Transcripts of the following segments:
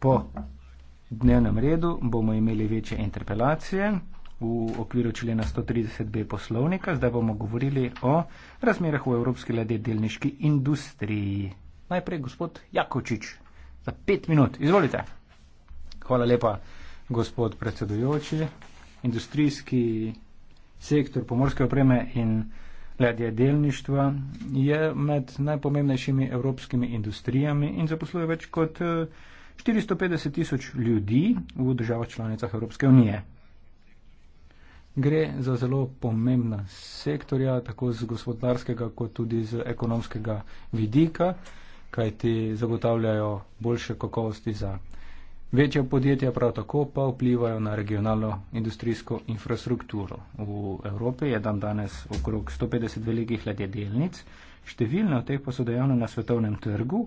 po dnevnem redu bomo imeli večje interpelacije v okviru člena 130b poslovnika. Zdaj bomo govorili o razmerah v evropski glede delniški industriji. Najprej gospod Jakočič za pet minut. Izvolite. Hvala lepa, gospod predsedujoči. Industrijski sektor pomorske opreme in ladje delništva je med najpomembnejšimi evropskimi industrijami in zaposluje več kot eh, 450 tisoč ljudi v državah članicah Evropske unije. Gre za zelo pomembna sektorja, tako z gospodarskega, kot tudi z ekonomskega vidika, kajti zagotavljajo boljše kakovosti za večja podjetja, prav tako pa vplivajo na regionalno industrijsko infrastrukturo. V Evropi je dan danes okrog 150 velikih ladje delnic, številne od teh pa so dejavne na svetovnem trgu,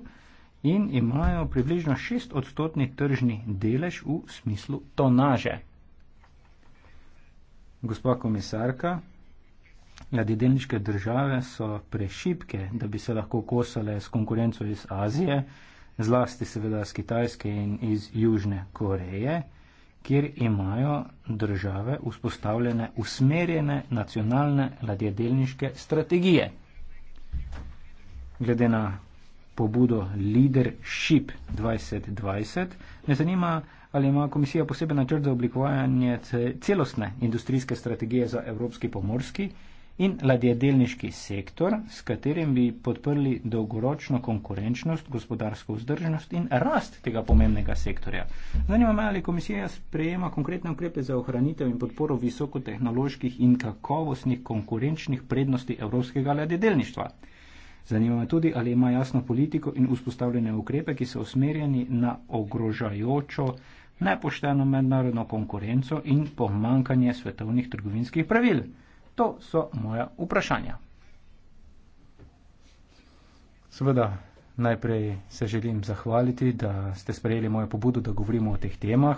in imajo približno 6-odstotni tržni delež v smislu tonaže. Gospa komisarka, ladjedelniške države so prešipke, da bi se lahko kosale s konkurenco iz Azije, zlasti seveda z Kitajske in iz Južne Koreje, kjer imajo države vzpostavljene usmerjene nacionalne ladjedelniške strategije. Glede na pobudo Leadership 2020. Me zanima, ali ima komisija poseben načrt za oblikovanje celostne industrijske strategije za evropski pomorski in ladjedelniški sektor, s katerim bi podprli dolgoročno konkurenčnost, gospodarsko vzdržnost in rast tega pomembnega sektorja. Zanima me, ali komisija sprejema konkretne ukrepe za ohranitev in podporo visokotehnoloških in kakovostnih konkurenčnih prednosti evropskega ladjedelništva. Zanima me tudi, ali ima jasno politiko in vzpostavljene ukrepe, ki so usmerjeni na ogrožajočo nepošteno mednarodno konkurenco in pomankanje svetovnih trgovinskih pravil. To so moja vprašanja. Seveda, najprej se želim zahvaliti, da ste sprejeli mojo pobudo, da govorimo o teh temah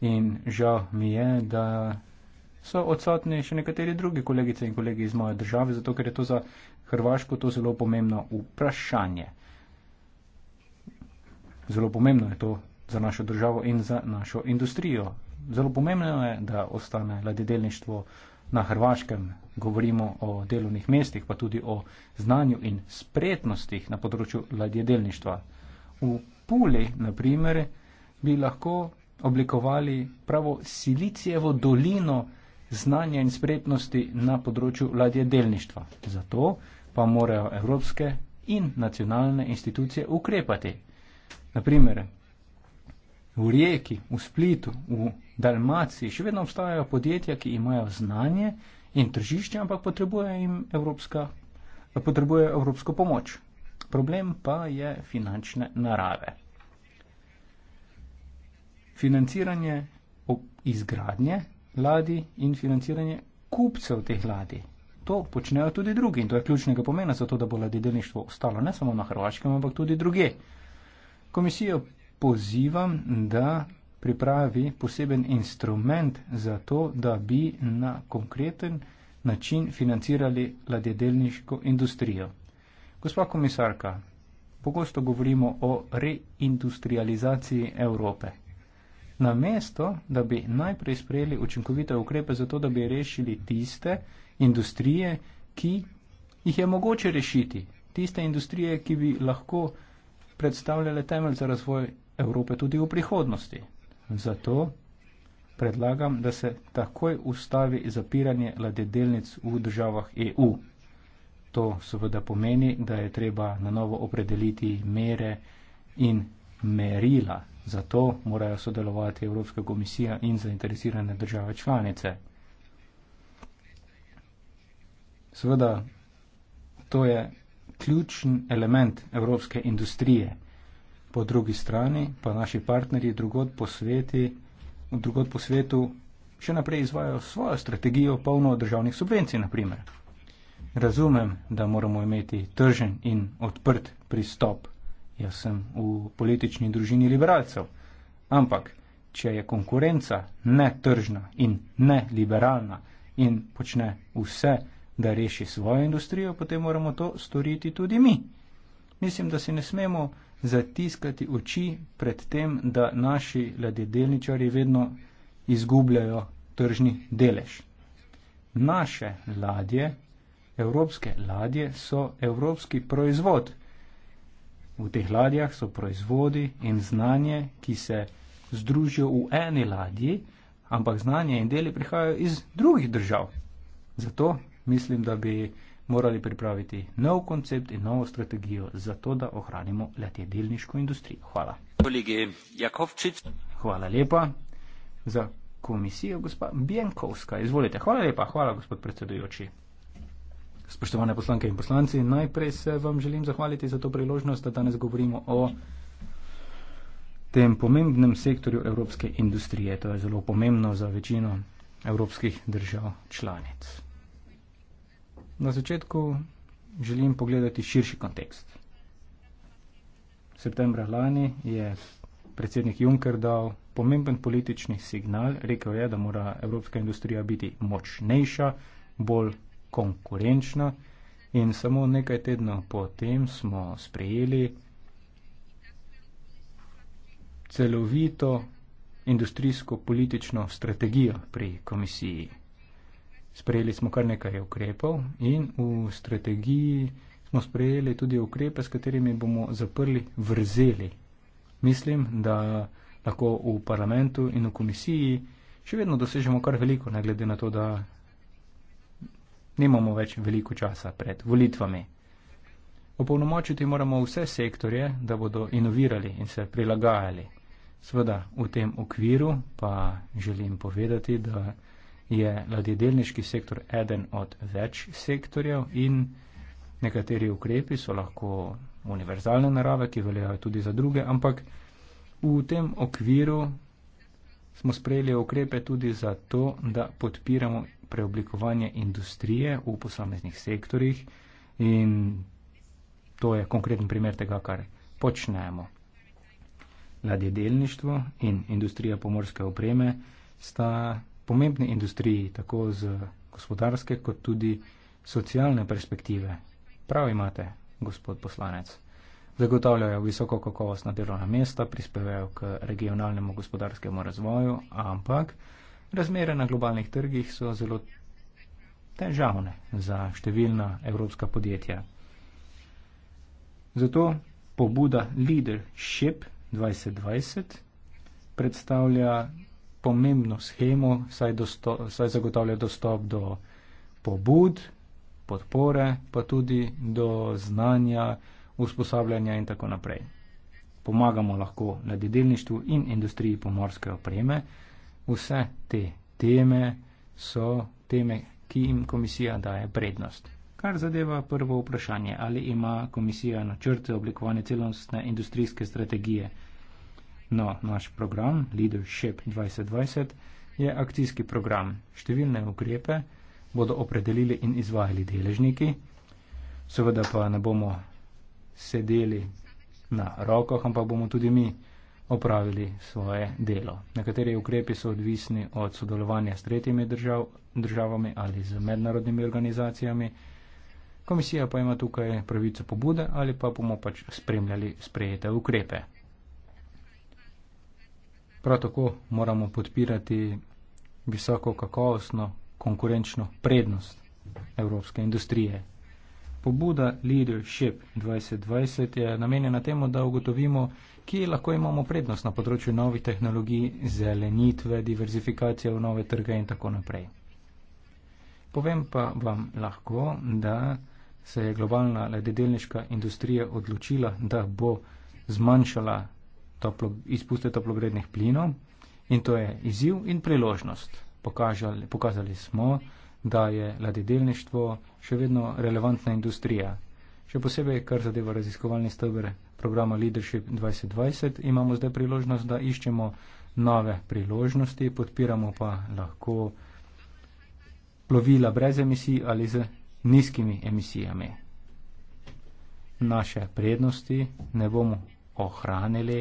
in žal mi je, da so odsotni še nekateri drugi kolegice in kolegi iz moje države, zato ker je to za Hrvaško to zelo pomembno vprašanje. Zelo pomembno je to za našo državo in za našo industrijo. Zelo pomembno je, da ostane ladedelništvo na Hrvaškem. Govorimo o delovnih mestih, pa tudi o znanju in spretnostih na področju ladedelništva. V Puli, na primer, bi lahko oblikovali pravo silicijevo dolino, znanja in spretnosti na področju ladjedelništva. Zato pa morajo evropske in nacionalne institucije ukrepati. Naprimer, v Rijeki, v Splitu, v Dalmaciji še vedno obstajajo podjetja, ki imajo znanje in tržišče, ampak potrebujejo jim evropska, potrebujejo evropsko pomoč. Problem pa je finančne narave. Financiranje izgradnje ladij in financiranje kupcev teh ladij. To počnejo tudi drugi in to je ključnega pomena za to, da bo ladjedelništvo ostalo ne samo na Hrvaškem, ampak tudi druge. Komisijo pozivam, da pripravi poseben instrument za to, da bi na konkreten način financirali ladjedelniško industrijo. Gospa komisarka, pogosto govorimo o reindustrializaciji Evrope. Na mesto, da bi najprej sprejeli učinkovite ukrepe za to, da bi rešili tiste industrije, ki jih je mogoče rešiti. Tiste industrije, ki bi lahko predstavljale temelj za razvoj Evrope tudi v prihodnosti. Zato predlagam, da se takoj ustavi zapiranje ladedelnic v državah EU. To seveda pomeni, da je treba na novo opredeliti mere in merila Zato morajo sodelovati Evropska komisija in zainteresirane države članice. Seveda, to je ključen element evropske industrije. Po drugi strani pa naši partnerji drugod po, sveti, drugod po svetu še naprej izvajo svojo strategijo polno državnih subvencij, naprimer. Razumem, da moramo imeti tržen in odprt pristop Jaz sem v politični družini liberalcev. Ampak, če je konkurenca ne tržna in ne liberalna in počne vse, da reši svojo industrijo, potem moramo to storiti tudi mi. Mislim, da si ne smemo zatiskati oči pred tem, da naši ladjedelničari vedno izgubljajo tržni delež. Naše ladje, evropske ladje, so evropski proizvod. V teh ladjah so proizvodi in znanje, ki se združijo v eni ladji, ampak znanje in deli prihajajo iz drugih držav. Zato mislim, da bi morali pripraviti nov koncept in novo strategijo, zato da ohranimo letjedelniško industrijo. Hvala. Hvala lepa za komisijo, gospa Bjenkovska. Izvolite. Hvala lepa, hvala gospod predsedujoči. Spoštovane poslanke in poslanci, najprej se vam želim zahvaliti za to priložnost, da danes govorimo o tem pomembnem sektorju evropske industrije. To je zelo pomembno za večino evropskih držav članic. Na začetku želim pogledati širši kontekst. Septembra lani je predsednik Juncker dal pomemben politični signal. Rekel je, da mora evropska industrija biti močnejša, bolj konkurenčna. In samo nekaj tednov potem smo sprejeli celovito industrijsko politično strategijo pri komisiji. Sprejeli smo kar nekaj ukrepov in v strategiji smo sprejeli tudi ukrepe, s katerimi bomo zaprli vrzeli. Mislim, da lahko v parlamentu in v komisiji še vedno dosežemo kar veliko, ne glede na to, da nimamo več veliko časa pred volitvami. Opolnomočiti moramo vse sektorje, da bodo inovirali in se prilagajali. Sveda v tem okviru pa želim povedati, da je ladjedelniški sektor eden od več sektorjev in nekateri ukrepi so lahko univerzalne narave, ki veljajo tudi za druge, ampak v tem okviru smo sprejeli ukrepe tudi za to, da podpiramo preoblikovanje industrije v posameznih sektorjih in to je konkreten primer tega, kar počnemo. Ladjedelništvo in industrija pomorske opreme sta pomembni industriji tako z gospodarske kot tudi socialne perspektive. Prav imate, gospod poslanec. Zagotavljajo visoko kakovostna delovna mesta, prispevajo k regionalnemu gospodarskemu razvoju, ampak Razmere na globalnih trgih so zelo težavne za številna evropska podjetja. Zato pobuda Leadership 2020 predstavlja pomembno schemo, saj, dosto, saj zagotavlja dostop do pobud, podpore, pa tudi do znanja, usposabljanja in tako naprej. Pomagamo lahko na dedelništvu in industriji pomorske opreme, vse te teme so teme, ki jim komisija daje prednost. Kar zadeva prvo vprašanje, ali ima komisija načrte oblikovanja celostne industrijske strategije. No, naš program Leadership 2020 je akcijski program. Številne ukrepe bodo opredelili in izvajali deležniki. Seveda pa ne bomo sedeli na rokah, ampak bomo tudi mi opravili svoje delo. Nekateri ukrepi so odvisni od sodelovanja s tretjimi držav, državami ali z mednarodnimi organizacijami. Komisija pa ima tukaj pravico pobude ali pa bomo pač spremljali sprejete ukrepe. Prav tako moramo podpirati visoko kakovostno konkurenčno prednost evropske industrije, Pobuda Leadership 2020 je namenjena temu, da ugotovimo, kje lahko imamo prednost na področju novih tehnologij, zelenitve, diverzifikacije v nove trge in tako naprej. Povem pa vam lahko, da se je globalna ledeljniška industrija odločila, da bo zmanjšala toplo, izpuste toplogrednih plinov in to je izziv in priložnost. Pokažali, pokazali smo, da je ladjedelništvo še vedno relevantna industrija. Še posebej, kar zadeva raziskovalni stebr programa Leadership 2020, imamo zdaj priložnost, da iščemo nove priložnosti, podpiramo pa lahko plovila brez emisij ali z nizkimi emisijami. Naše prednosti ne bomo ohranili,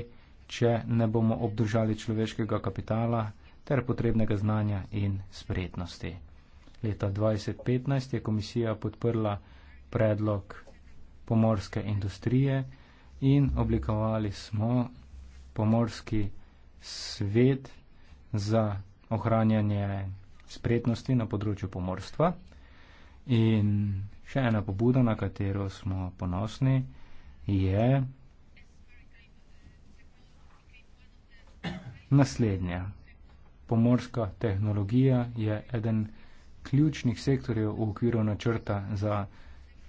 če ne bomo obdržali človeškega kapitala ter potrebnega znanja in spretnosti. Leta 2015 je komisija podprla predlog pomorske industrije in oblikovali smo pomorski svet za ohranjanje spretnosti na področju pomorstva. In še ena pobuda, na katero smo ponosni, je naslednja. Pomorska tehnologija je eden ključnih sektorjev v okviru načrta za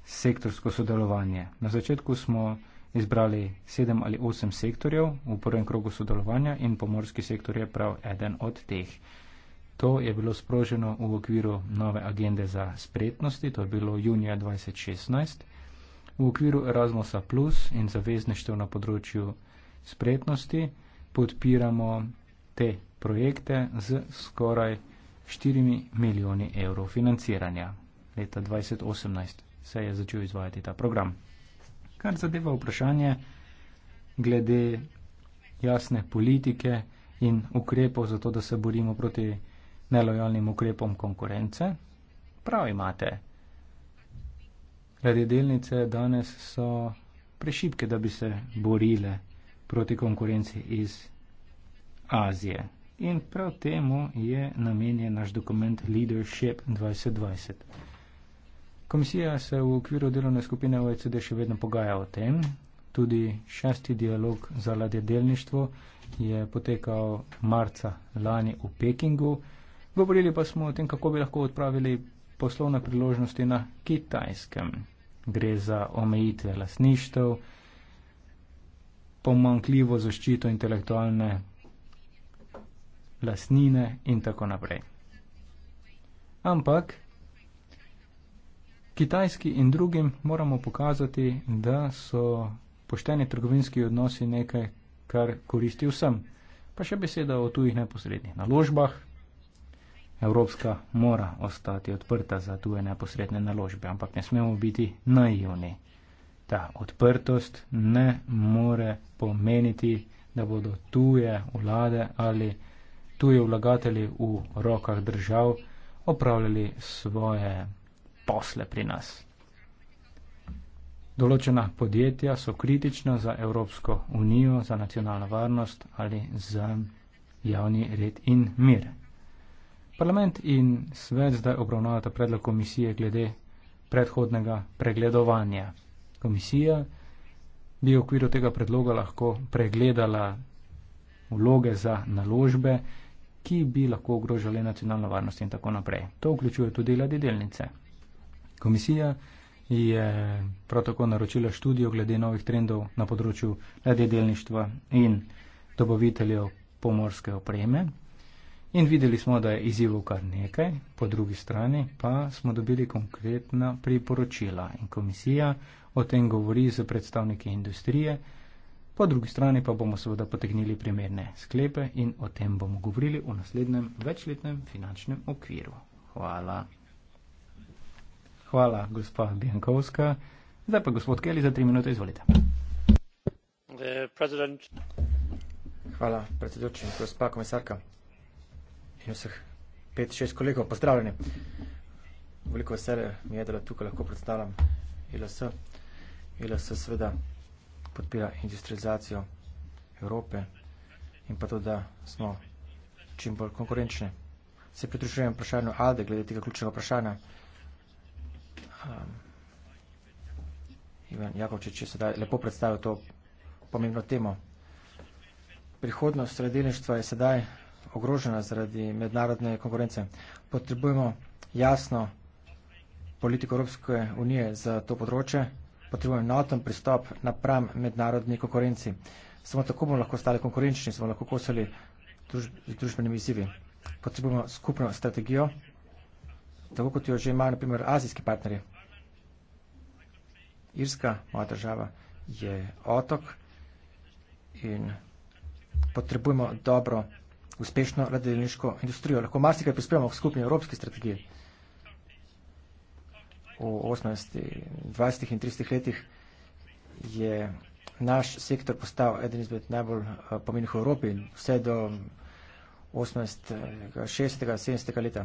sektorsko sodelovanje. Na začetku smo izbrali sedem ali osem sektorjev v prvem krogu sodelovanja in pomorski sektor je prav eden od teh. To je bilo sproženo v okviru nove agende za spretnosti, to je bilo junija 2016. V okviru Erasmusa Plus in zavezništvo na področju spretnosti podpiramo te projekte z skoraj 4 milijoni evrov financiranja. Leta 2018 se je začel izvajati ta program. Kar zadeva vprašanje glede jasne politike in ukrepov za to, da se borimo proti nelojalnim ukrepom konkurence, prav imate. Glede delnice danes so prešipke, da bi se borile proti konkurenci iz Azije in prav temu je namenjen naš dokument Leadership 2020. Komisija se v okviru delovne skupine OECD še vedno pogaja o tem. Tudi šesti dialog za ladjedelništvo je potekal marca lani v Pekingu. Govorili pa smo o tem, kako bi lahko odpravili poslovne priložnosti na kitajskem. Gre za omejitve lasništev, pomankljivo zaščito intelektualne lasnine in tako naprej. Ampak Kitajski in drugim moramo pokazati, da so pošteni trgovinski odnosi nekaj, kar koristi vsem. Pa še beseda o tujih neposrednih naložbah. Evropska mora ostati odprta za tuje neposredne naložbe, ampak ne smemo biti naivni. Ta odprtost ne more pomeniti, da bodo tuje vlade ali tuji vlagatelji v rokah držav opravljali svoje posle pri nas. Določena podjetja so kritična za Evropsko unijo, za nacionalno varnost ali za javni red in mir. Parlament in svet zdaj obravnavata predlog komisije glede predhodnega pregledovanja. Komisija bi v okviru tega predloga lahko pregledala vloge za naložbe, ki bi lahko ogrožali nacionalno varnost in tako naprej. To vključuje tudi ladje delnice. Komisija je prav tako naročila študijo glede novih trendov na področju ladje delništva in dobaviteljev pomorske opreme. In videli smo, da je izzivov kar nekaj, po drugi strani pa smo dobili konkretna priporočila. In komisija o tem govori z predstavniki industrije, Po drugi strani pa bomo seveda potegnili primerne sklepe in o tem bomo govorili v naslednjem večletnem finančnem okviru. Hvala. Hvala, gospa Bjankovska. Zdaj pa gospod Keli za tri minute, izvolite. Hvala, predsedujoči, gospa komisarka in vseh pet, šest kolegov, pozdravljeni. Veliko veselje mi je, da tukaj lahko predstavljam ILS. ILS seveda podpira industrializacijo Evrope in pa to, da smo čim bolj konkurenčni. Se pridružujem vprašanju Alde glede tega ključnega vprašanja. Um, Ivan Jakovčič je sedaj lepo predstavil to pomembno temo. Prihodnost sredeljništva je sedaj ogrožena zaradi mednarodne konkurence. Potrebujemo jasno politiko Evropske unije za to področje potrebujemo enoten pristop napram mednarodni konkurenci. Samo tako bomo lahko stali konkurenčni, smo lahko kosali druž z družbenimi izzivi. Potrebujemo skupno strategijo, tako kot jo že imajo naprimer azijski partnerji. Irska, moja država, je otok in potrebujemo dobro, uspešno ladeljniško industrijo. Lahko marsikaj prispevamo k skupni evropski strategiji v 18, 20 in 30 letih je naš sektor postal eden izmed najbolj eh, pomenih v Evropi vse do 18, 6, 70 leta.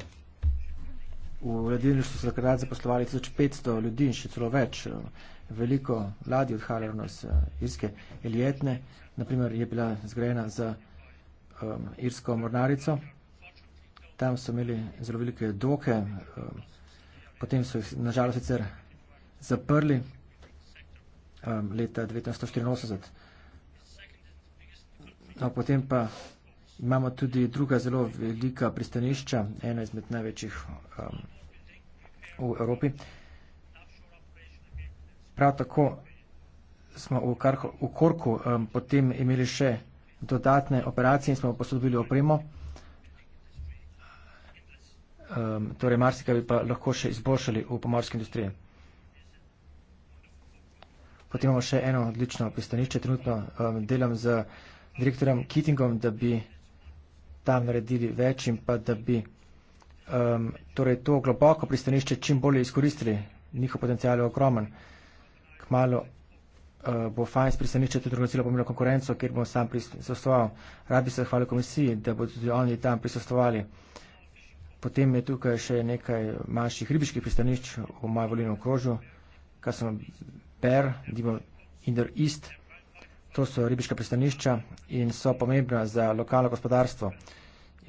V ladilništvu so takrat zaposlovali 1500 ljudi in še celo več. Veliko ladij odhajalo ravno z eh, irske elijetne. Naprimer je bila zgrajena z um, eh, irsko mornarico. Tam so imeli zelo velike doke, um, Potem so jih nažalost sicer zaprli um, leta 1984. No, potem pa imamo tudi druga zelo velika pristanišča, ena izmed največjih um, v Evropi. Prav tako smo v, Karko, v Korku um, potem imeli še dodatne operacije in smo posodobili opremo um, torej marsikaj bi pa lahko še izboljšali v pomorski industriji. Potem imamo še eno odlično pristanišče, trenutno um, delam z direktorjem Kittingom, da bi tam naredili več in pa da bi um, torej to globoko pristanišče čim bolje izkoristili. Njihov potencial je ogromen. Kmalo uh, bo fajn pristanišče tudi drugačilo pomembno konkurenco, kjer bom sam prisostoval. Rad bi se zahvalil komisiji, da bodo tudi oni tam prisostovali. Uh, Potem je tukaj še nekaj manjših ribiških pristanišč v Majvolinu okrožju, kar so Per, Dimo Indor East. To so ribiška pristanišča in so pomembna za lokalno gospodarstvo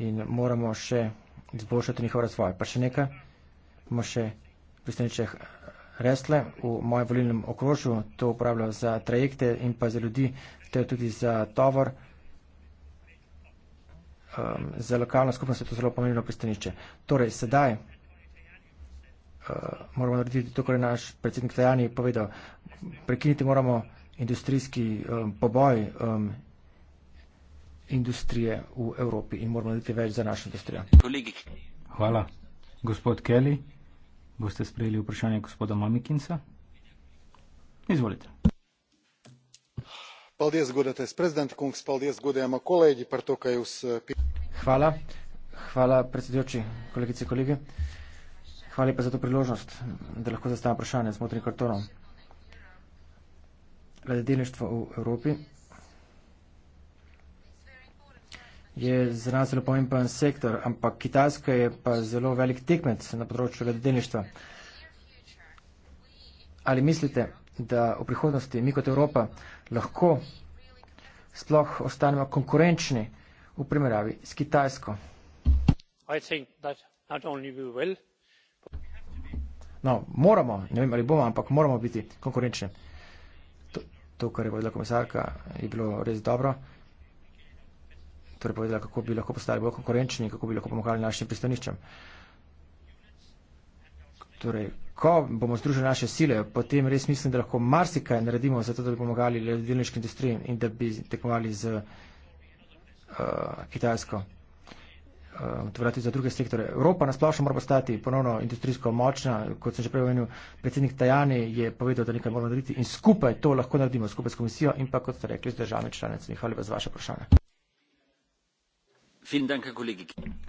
in moramo še izboljšati njihov razvoj. Pa še nekaj, imamo še pristanišče Resle v mojem volilnem okrožju, to uporabljajo za trajekte in pa za ljudi, te tudi za tovor um, za lokalno skupnost je to zelo pomembno pristanišče. Torej, sedaj uh, moramo narediti to, kar je naš predsednik Tajani povedal. Prekiniti moramo industrijski um, poboj um, industrije v Evropi in moramo narediti več za našo industrijo. Hvala. Gospod Kelly, boste sprejeli vprašanje gospoda Mamikinsa? Izvolite. Paldies, godatais prezidents Kungs, paldies, godējama kolēģi par to, ka jūs pie hvala. Hvala, predsedujoči, kolegice, kolege. Hvala lepa za to priložnost, da lahko zastavim vprašanje z modrim kartonom. Glede delništva v Evropi je za nas zelo pomemben sektor, ampak Kitajska je pa zelo velik tekmec na področju glede delništva. Ali mislite, da v prihodnosti mi kot Evropa lahko sploh ostanemo konkurenčni? v primerjavi s kitajsko. no moramo ne vem ali bomo ampak moramo biti konkurenčni to, to kar je povedala komisarka je bilo res dobro torej povedala kako bi lahko postali bolj konkurenčni kako bi lahko pomagali našim pristaniščem torej ko bomo združili naše sile potem res mislim da lahko marsikaj naredimo za to da bi pomagali ledilniški industriji in da bi tekmovali z uh, Eh, Kitajsko. Eh, tudi za druge sektore. Evropa nasplošno mora postati ponovno industrijsko močna. Kot sem že prej omenil, predsednik Tajani je povedal, da nekaj moramo narediti in skupaj to lahko naredimo, skupaj s komisijo in pa, kot ste rekli, z državami članicami. Hvala lepa za vaše vprašanje.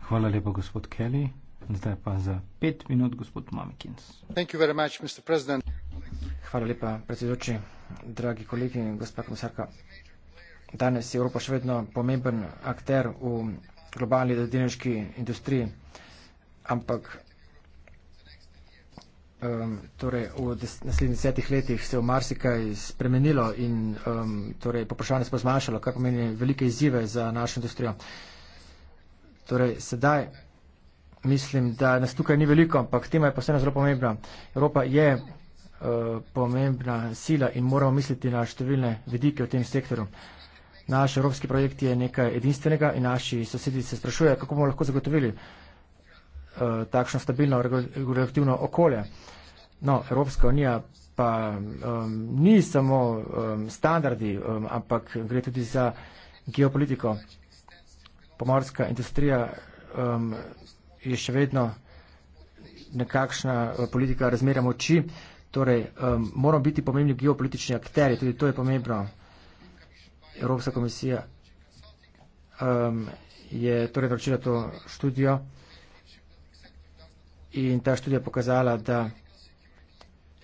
Hvala lepa, gospod Kelly. Zdaj pa za pet minut, gospod Mamikins. Hvala lepa, predsedujoči, dragi kolegi in gospod komisarka danes je Evropa še vedno pomemben akter v globalni delniški industriji, ampak um, torej v des, naslednjih desetih letih se je v marsikaj spremenilo in um, torej poprašanje se bo zmanjšalo, kar pomeni velike izzive za našo industrijo. Torej, sedaj mislim, da nas tukaj ni veliko, ampak tema je posebno zelo pomembna. Evropa je uh, pomembna sila in moramo misliti na številne vidike v tem sektorju naš evropski projekt je nekaj edinstvenega in naši sosedi se sprašujejo, kako bomo lahko zagotovili uh, takšno stabilno regulativno okolje. No, Evropska unija pa um, ni samo um, standardi, um, ampak gre tudi za geopolitiko. Pomorska industrija um, je še vedno nekakšna eh, politika razmerja moči, torej um, moramo biti pomembni geopolitični akteri, tudi to je pomembno. Evropska komisija um, je torej naročila to študijo in ta študija je pokazala, da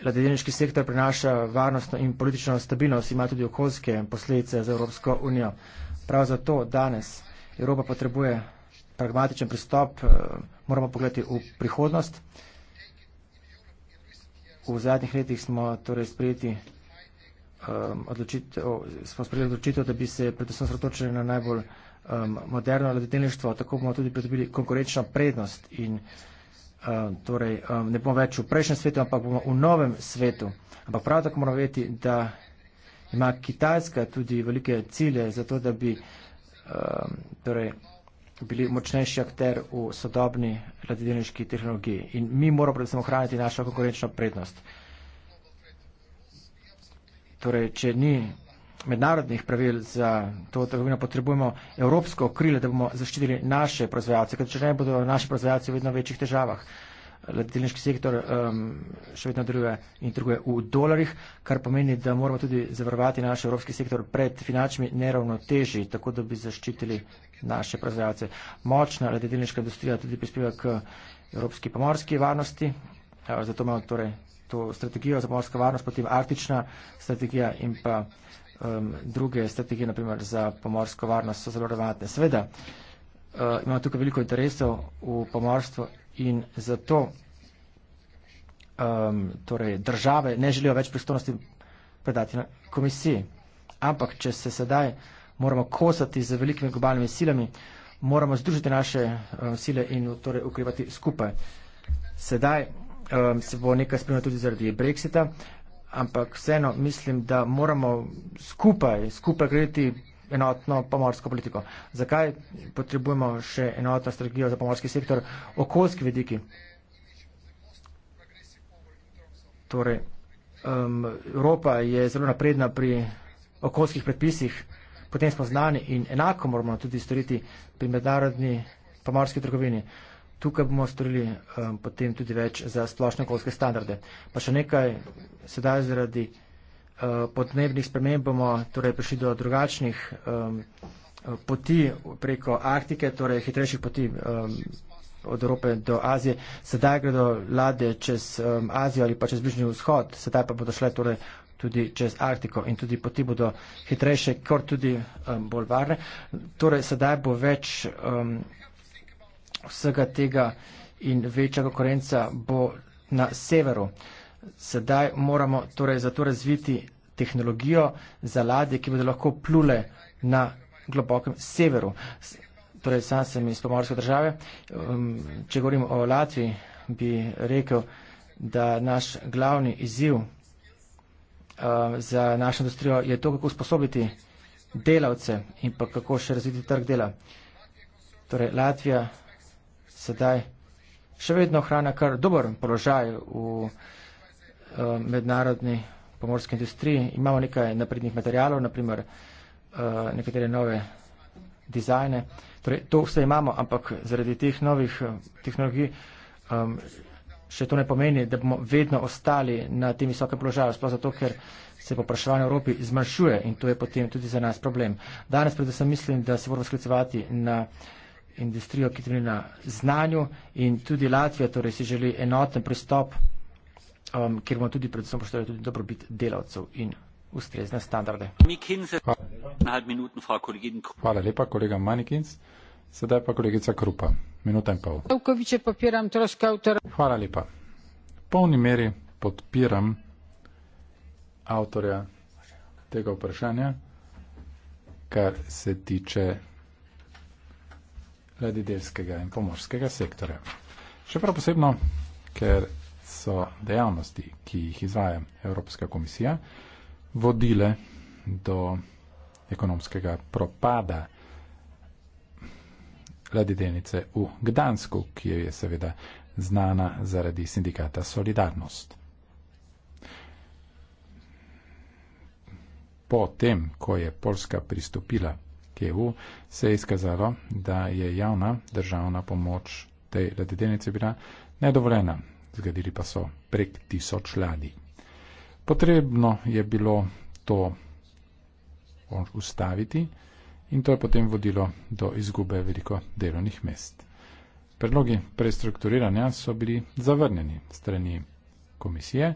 ladeniški sektor prinaša varnostno in politično stabilnost, ima tudi okoljske posledice za Evropsko unijo. Prav zato danes Evropa potrebuje pragmatičen pristop, eh, moramo pogledati v prihodnost. V zadnjih letih smo torej sprejeti um, odločitev, smo sprejeli odločitev, da bi se predvsem sretočili na najbolj um, moderno ladeteljstvo, tako bomo tudi pridobili konkurenčno prednost in um, torej um, ne bomo več v prejšnjem svetu, ampak bomo v novem svetu. Ampak prav tako moramo vedeti, da ima Kitajska tudi velike cilje za to, da bi um, torej, bili močnejši akter v sodobni ladeteljniški tehnologiji. In mi moramo predvsem ohraniti našo konkurenčno prednost torej, če ni mednarodnih pravil za to trgovino, potrebujemo evropsko okrilje, da bomo zaščitili naše proizvajalce, ker če ne bodo naši proizvajalci v vedno večjih težavah. Latinski sektor um, še vedno deluje in trguje v dolarjih, kar pomeni, da moramo tudi zavarovati naš evropski sektor pred finančnimi neravnoteži, tako da bi zaščitili naše proizvajalce. Močna latinska industrija tudi prispeva k evropski pomorski varnosti, uh, zato imamo torej to strategijo za pomorsko varnost, potem arktična strategija in pa um, druge strategije, naprimer za pomorsko varnost, so zelo relevantne. Sveda uh, imamo tukaj veliko interesov v pomorstvo in zato um, torej države ne želijo več pristojnosti predati na komisiji. Ampak, če se sedaj moramo kosati z velikimi globalnimi silami, moramo združiti naše um, sile in torej ukrivati skupaj. Sedaj um, se bo nekaj spremenilo tudi zaradi Brexita, ampak vseeno mislim, da moramo skupaj, skupaj graditi enotno pomorsko politiko. Zakaj potrebujemo še enotno strategijo za pomorski sektor? Okoljski vidiki. Torej, um, Evropa je zelo napredna pri okoljskih predpisih, potem smo znani in enako moramo tudi storiti pri mednarodni pomorski trgovini. Uh, tukaj bomo storili um, potem tudi več za splošne okoljske standarde. Pa še nekaj, sedaj zaradi uh, podnebnih sprememb bomo torej prišli do drugačnih um, poti preko Arktike, torej hitrejših poti. Um, od Evrope do Azije. Sedaj gredo lade čez um, Azijo ali pa čez Bližnji vzhod, sedaj pa bodo šle torej tudi čez Arktiko in tudi poti bodo hitrejše, kot tudi um, bolj varne. Torej, sedaj bo več um, vsega tega in večja konkurenca bo na severu. Sedaj moramo torej zato razviti tehnologijo za ladje, ki bodo lahko plule na globokem severu. Torej, sam sem iz pomorske države. Um, če govorim o Latviji, bi rekel, da naš glavni izziv uh, za našo industrijo je to, kako usposobiti delavce in pa kako še razviti trg dela. Torej, Latvija sedaj še vedno hrana kar dober položaj v eh, mednarodni pomorski industriji. Imamo nekaj naprednih materijalov, naprimer eh, nekatere nove dizajne. Torej, to vse imamo, ampak zaradi teh novih eh, tehnologij še to ne pomeni, da bomo vedno ostali na tem visokem položaju, sploh zato, ker se popraševanje v Evropi zmanjšuje in to je potem tudi za nas problem. Danes predvsem mislim, da se moramo sklicevati na industrijo, ki temelji na znanju in tudi Latvija, torej si želi enoten pristop, um, kjer bomo tudi predvsem poštevali tudi dobrobit delavcev in ustrezne standarde. Hvala lepa, kolega Manikins. Sedaj pa kolegica Krupa. Minuta in pol. Hvala lepa. V polni meri podpiram avtorja tega vprašanja, kar se tiče ladjedelskega in pomorskega sektorja. Še prav posebno, ker so dejavnosti, ki jih izvaja Evropska komisija, vodile do ekonomskega propada ladjedelnice v Gdansku, ki je seveda znana zaradi sindikata Solidarnost. Po tem, ko je Polska pristopila EU, se je izkazalo, da je javna državna pomoč tej ladjedelnici bila nedovoljena. Zgradili pa so prek tisoč ladij. Potrebno je bilo to ustaviti in to je potem vodilo do izgube veliko delovnih mest. Predlogi prestrukturiranja so bili zavrnjeni strani komisije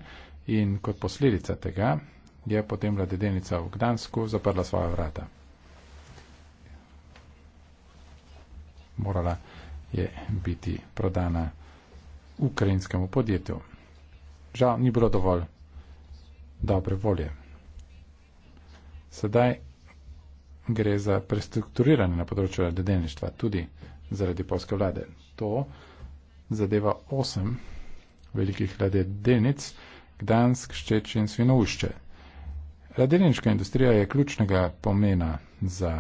in kot posledica tega je potem vladedenica v Gdansku zaprla svoja vrata. morala je biti prodana ukrajinskemu podjetju. Žal ni bilo dovolj dobre volje. Sedaj gre za prestrukturiranje na področju ledeništva, tudi zaradi polske vlade. To zadeva osem velikih ledenic, Gdansk, Šteč in Svinovušče. Ledeniška industrija je ključnega pomena za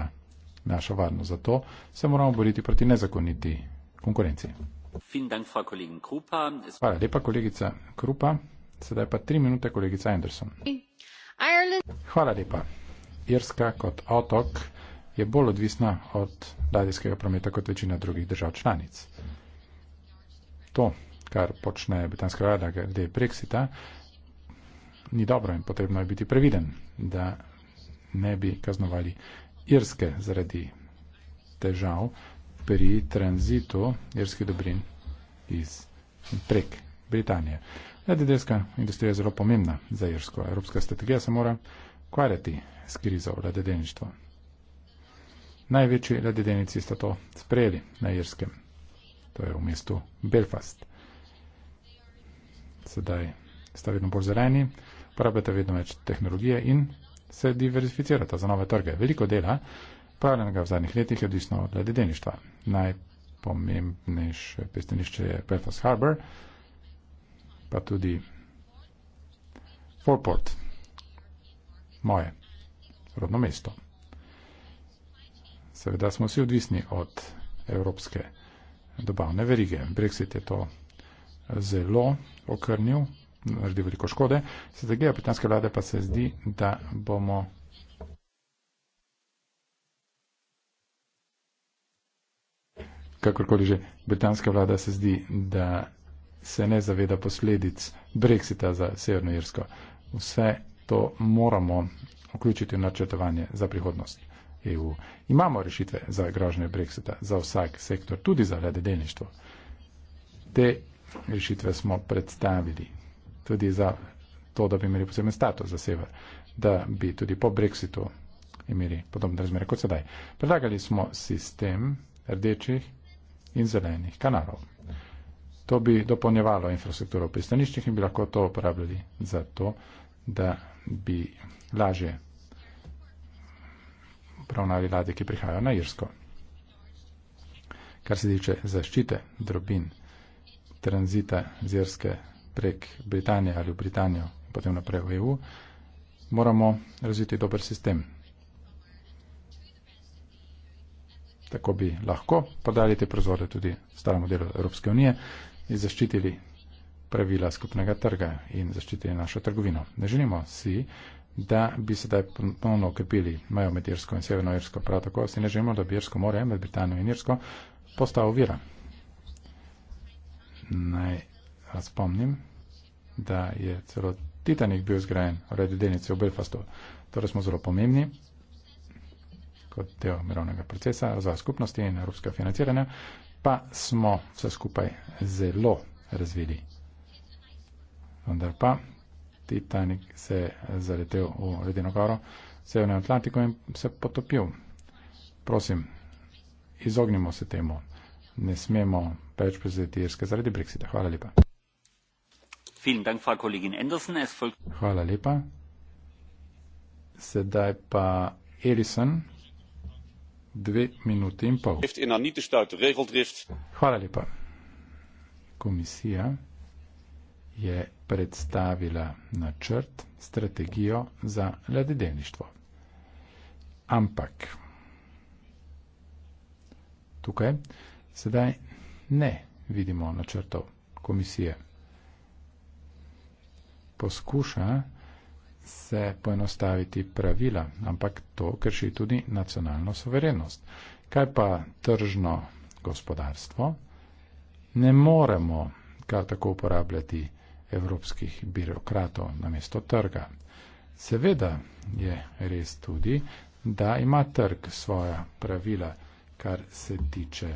naša varnost. Zato se moramo boriti proti nezakoniti konkurenci. Hvala lepa, kolegica Krupa. Sedaj pa tri minute, kolegica Anderson. Hvala lepa. Irska kot otok je bolj odvisna od ladijskega prometa kot večina drugih držav članic. To, kar počne britanska vlada glede Brexita, ni dobro in potrebno je biti previden, da ne bi kaznovali Irske zaradi težav pri tranzitu irskih dobrin iz prek Britanije. Ladedelska industrija je zelo pomembna za Irsko. Evropska strategija se mora kvarjati s krizo ladedelništva. Največji ladedelnici sta to sprejeli na Irskem. To je v mestu Belfast. Sedaj sta vedno bolj zeleni, uporabljata vedno več tehnologije in se diverzificirata za nove trge. Veliko dela, pravljenega v zadnjih letih, je odvisno od ledeništva. Najpomembnejše pristanišče je Belfast Harbor, pa tudi Forport, moje rodno mesto. Seveda smo vsi odvisni od evropske dobavne verige. Brexit je to zelo okrnil, naredil veliko škode. Strategija britanske vlade pa se zdi, da bomo. Kakorkoli že, britanska vlada se zdi, da se ne zaveda posledic brexita za Severno Irsko. Vse to moramo vključiti v načrtovanje za prihodnost EU. Imamo rešitve za grožnje brexita, za vsak sektor, tudi za ledeništvo. Te rešitve smo predstavili tudi za to, da bi imeli poseben status za sever, da bi tudi po brexitu imeli podobne razmere kot sedaj. Predlagali smo sistem rdečih in zelenih kanalov. To bi dopolnjevalo infrastrukturo v pristaniščih in bi lahko to uporabljali za to, da bi lažje upravnali ladje, ki prihajajo na Irsko. Kar se tiče zaščite drobin, tranzita z Irske prek Britanije ali v Britanijo, potem naprej v EU, moramo razviti dober sistem. Tako bi lahko podali te prozore tudi staremu delu Evropske unije in zaščitili pravila skupnega trga in zaščitili našo trgovino. Ne želimo si, da bi sedaj ponovno okrepili mejo med Irsko in Severno Irsko, prav tako si ne želimo, da bi Irsko more med Britanijo in Irsko postalo vira. Naj spomnim, da je celo Titanik bil zgrajen v redu delnice v Belfastu. Torej smo zelo pomembni kot del mirovnega procesa za skupnosti in evropske financiranja, pa smo vse skupaj zelo razvili. Vendar pa Titanik se je zaletel v ledeno goro v Severnem Atlantiku in se potopil. Prosim, izognimo se temu. Ne smemo več prezeti irske zaradi Brexita. Hvala lepa. Hvala lepa. Sedaj pa Erison, dve minuti in pol. Hvala lepa. Komisija je predstavila načrt, strategijo za ladedelništvo. Ampak tukaj sedaj ne vidimo načrtov komisije poskuša se poenostaviti pravila, ampak to krši tudi nacionalno soverenost. Kaj pa tržno gospodarstvo? Ne moremo kar tako uporabljati evropskih birokratov na mesto trga. Seveda je res tudi, da ima trg svoja pravila, kar se tiče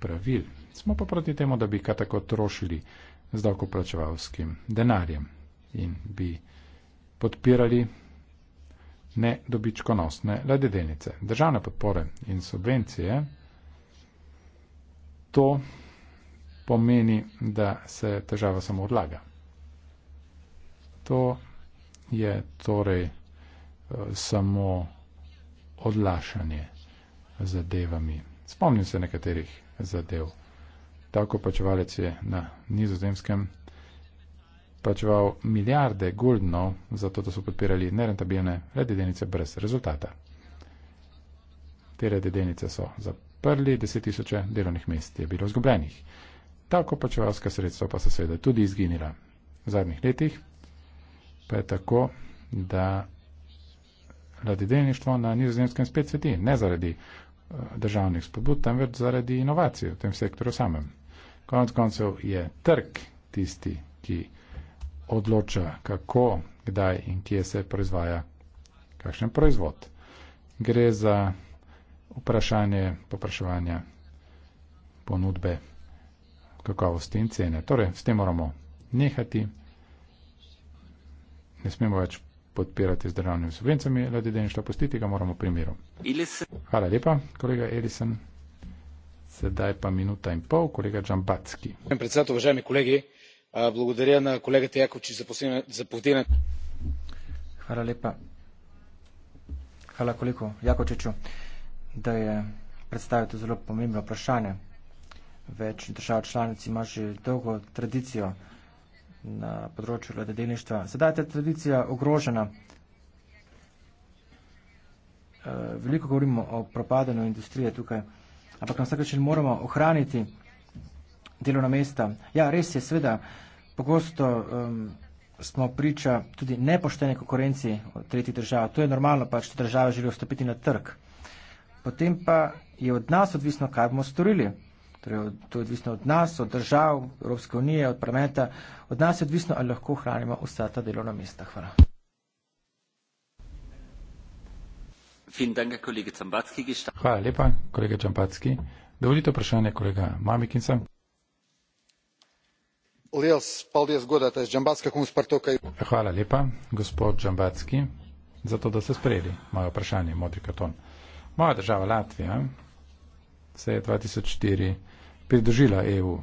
pravil. Smo pa proti temu, da bi kar tako trošili z davkoplačevalskim denarjem in bi podpirali ne dobičkonosne ladedenice. Državne podpore in subvencije, to pomeni, da se težava samo odlaga. To je torej eh, samo odlašanje zadevami. Spomnim se nekaterih zadev tako plačevalec je na nizozemskem plačeval milijarde guldnov, zato da so podpirali nerentabilne redne delnice brez rezultata. Te redne delnice so zaprli, deset tisoče delovnih mest je bilo izgubljenih. Tako plačevalska sredstva pa so seveda tudi izginila. V zadnjih letih pa je tako, da ladidelništvo na nizozemskem spet sveti, ne zaradi eh, državnih spodbud, temveč zaradi inovacij v tem sektoru samem. Konec koncev je trg tisti, ki odloča, kako, kdaj in kje se proizvaja kakšen proizvod. Gre za vprašanje popraševanja ponudbe kakovosti in cene. Torej, s tem moramo nehati. Ne smemo več podpirati z državnimi subvencami, ladideništa, pustiti ga moramo primeru. Hvala lepa, kolega Elisen. Sedaj pa minuta in pol, kolega Džambacki. Hvala lepa. Hvala koliko Jakočiču, da je predstavil to zelo pomembno vprašanje. Več držav članic ima že dolgo tradicijo na področju vladedelništva. Sedaj je ta tradicija ogrožena. Eh, veliko govorimo o propadanju industrije tukaj ampak na vsak način moramo ohraniti delovna mesta. Ja, res je, seveda, pogosto um, smo priča tudi nepoštene konkurenci od tretjih držav. To je normalno, pač države želijo vstopiti na trg. Potem pa je od nas odvisno, kaj bomo storili. Torej, to je odvisno od nas, od držav, Evropske unije, od parlamenta. Od nas je odvisno, ali lahko hranimo vsa ta delovna mesta. Hvala. Hvala lepa, kolega Čambacki. Dovolite vprašanje, kolega Mamikinsa. Hvala lepa, gospod Čambacki, za to, da ste sprejeli moje vprašanje, modri karton. Moja država Latvija se je 2004 pridružila EU.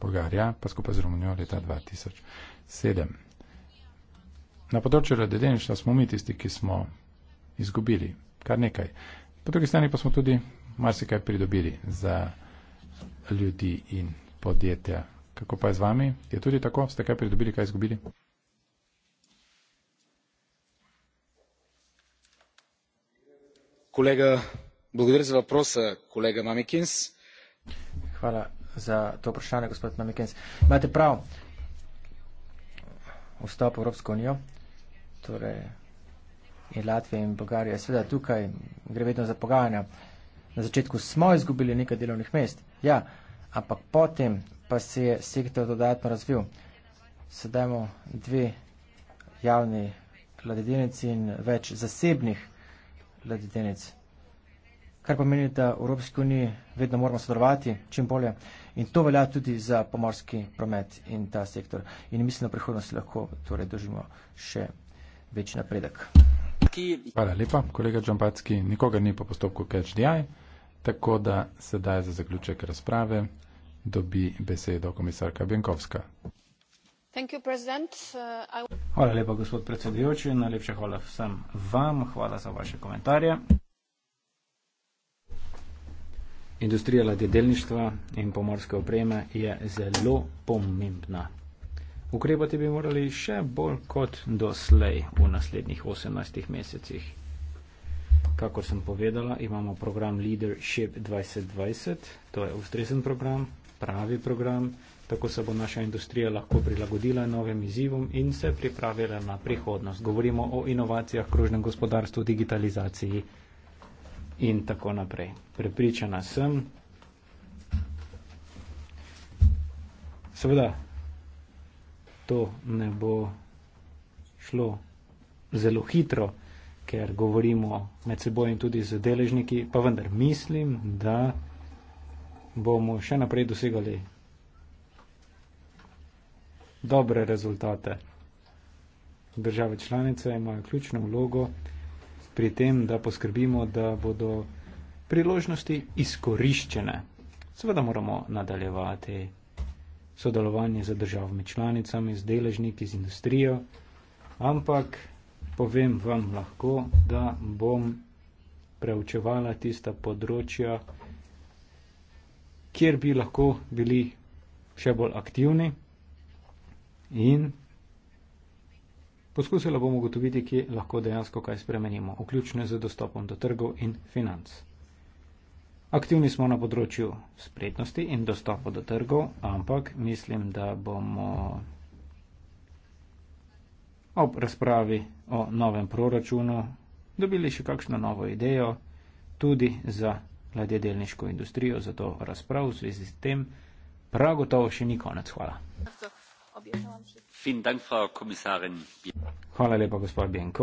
Bolgarija pa skupaj z Romunijo leta 2007. Na področju radedeništva smo mi tisti, ki smo izgubili kar nekaj. Po drugi strani pa smo tudi marsikaj pridobili za ljudi in podjetja. Kako pa je z vami? Je tudi tako? Ste kaj pridobili, kaj izgubili? Kolega, blagodar za vprosa, kolega Mamikins. Hvala za to vprašanje, gospod Mamikins. Imate prav vstop v Evropsko unijo torej in Latvija in Bolgarija. Seveda tukaj gre vedno za pogajanja. Na začetku smo izgubili nekaj delovnih mest, ja, ampak potem pa se je sektor dodatno razvil. Sedaj imamo dve javni ladedenici in več zasebnih ladedenic. Kar pomeni, da v Evropski uniji vedno moramo sodelovati čim bolje in to velja tudi za pomorski promet in ta sektor. In mislim, da v prihodnosti lahko torej, držimo še več napredek. Hvala lepa, kolega Džambacki. Nikoga ni po postopku KHDI, tako da sedaj za zaključek razprave dobi besedo komisarka Benkovska. Uh, hvala lepa, gospod predsedujoči. Najlepša hvala vsem vam. Hvala za vaše komentarje. Industrija ladje delništva in pomorske opreme je zelo pomembna Ukrepati bi morali še bolj kot doslej v naslednjih 18 mesecih. Kako sem povedala, imamo program Leadership 2020, to je ustrezen program, pravi program, tako se bo naša industrija lahko prilagodila novim izzivom in se pripravila na prihodnost. Govorimo o inovacijah, krožnem gospodarstvu, digitalizaciji in tako naprej. Prepričana sem. Seveda, to ne bo šlo zelo hitro, ker govorimo med seboj in tudi z deležniki, pa vendar mislim, da bomo še naprej dosegali dobre rezultate. Države članice imajo ključno vlogo pri tem, da poskrbimo, da bodo priložnosti izkoriščene. Seveda moramo nadaljevati sodelovanje z državami članicami, z deležniki, z industrijo, ampak povem vam lahko, da bom preučevala tista področja, kjer bi lahko bili še bolj aktivni in poskusila bom ugotoviti, kje lahko dejansko kaj spremenimo, vključno z dostopom do trgov in financ. Aktivni smo na področju spretnosti in dostopa do trgov, ampak mislim, da bomo ob razpravi o novem proračunu dobili še kakšno novo idejo tudi za ladjedelniško industrijo, zato razprav v zvezi s tem prav gotovo še ni konec. Hvala. Hvala lepa, gospod Benko.